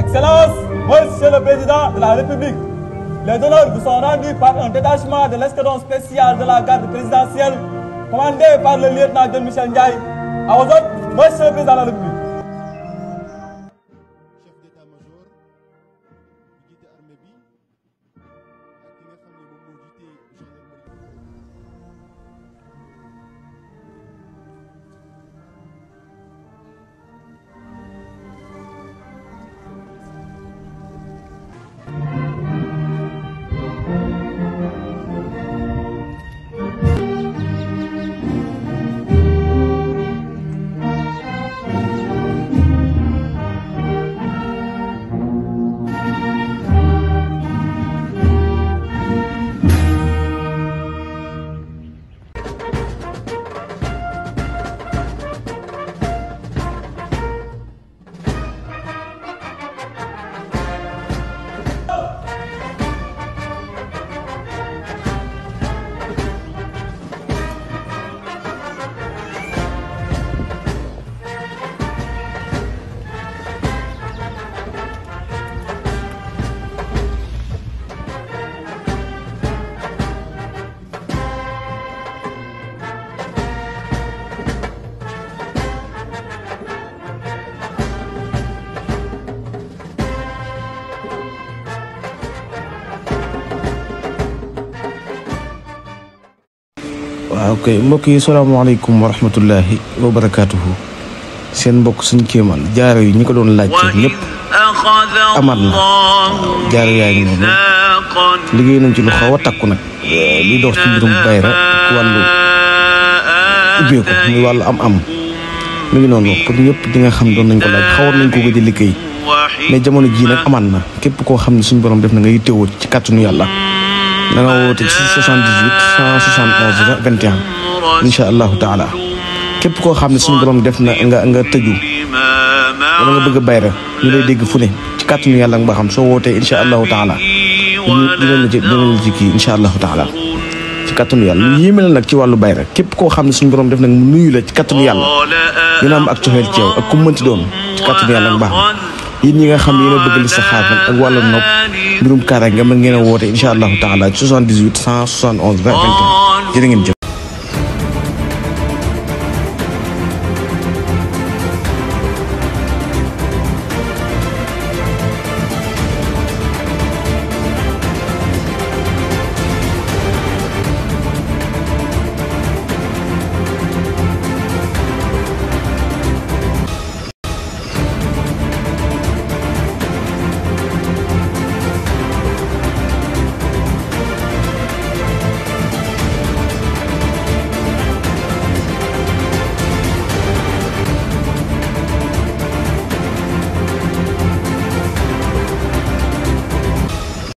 Excellence, Monsieur le Président de la République, les honneurs vous sont rendus par un détachement de l'escadron spécial de la garde présidentielle, commandé par le lieutenant de Michel Ndiaye. À vos autres, Monsieur le Président de la République. Chef d'état-major, waa kay mbokk yi salaamaaleykum wa rahmatullahi wa barakaatuhu seen mbokk suñ kéemaan jaaro yi ñu ko doon laaj ñëpp amaat jaaro yaa ngi liggéey nañ ci lu xaw a takku nag li dox ci mbirum bayra wàllu ubbeeku muy wàllu am-am mu ngi noonu pour ñëpp di xam doon nañ ko laaj xawoon nañ ko gëj liggéey mais jamono jii nag amaat na képp koo xam ne suñu borom def na nga yittewoo ci kàttanu yàlla. danga da nga woote ci 78 171 21 incha allahu taala képp koo xam ne suñu borom def na nga nga tëju wala nga bëgg a bayra ñu lay dégg fu ne ci kàttanu yàlla nga ba xam soo wootee incha allahu taala dinañ la ci dinañ la ci kii incha allahu taala ci kàttanu yàlla lu yéeme la nag ci wàllu bayra képp koo xam ne suñu borom def nag mu nuyu la ci kàttanu yàlla dina am ak coxeel ci yow ak ku doon ci kàttanu yàlla nga ba xam yéen ñi nga xam ne yéen a bëgg li saxaar nag ak wàllu nopp mbirum kaaraange mën ngeen a woote incha allahu taala 78 171 20 ngeen jëf.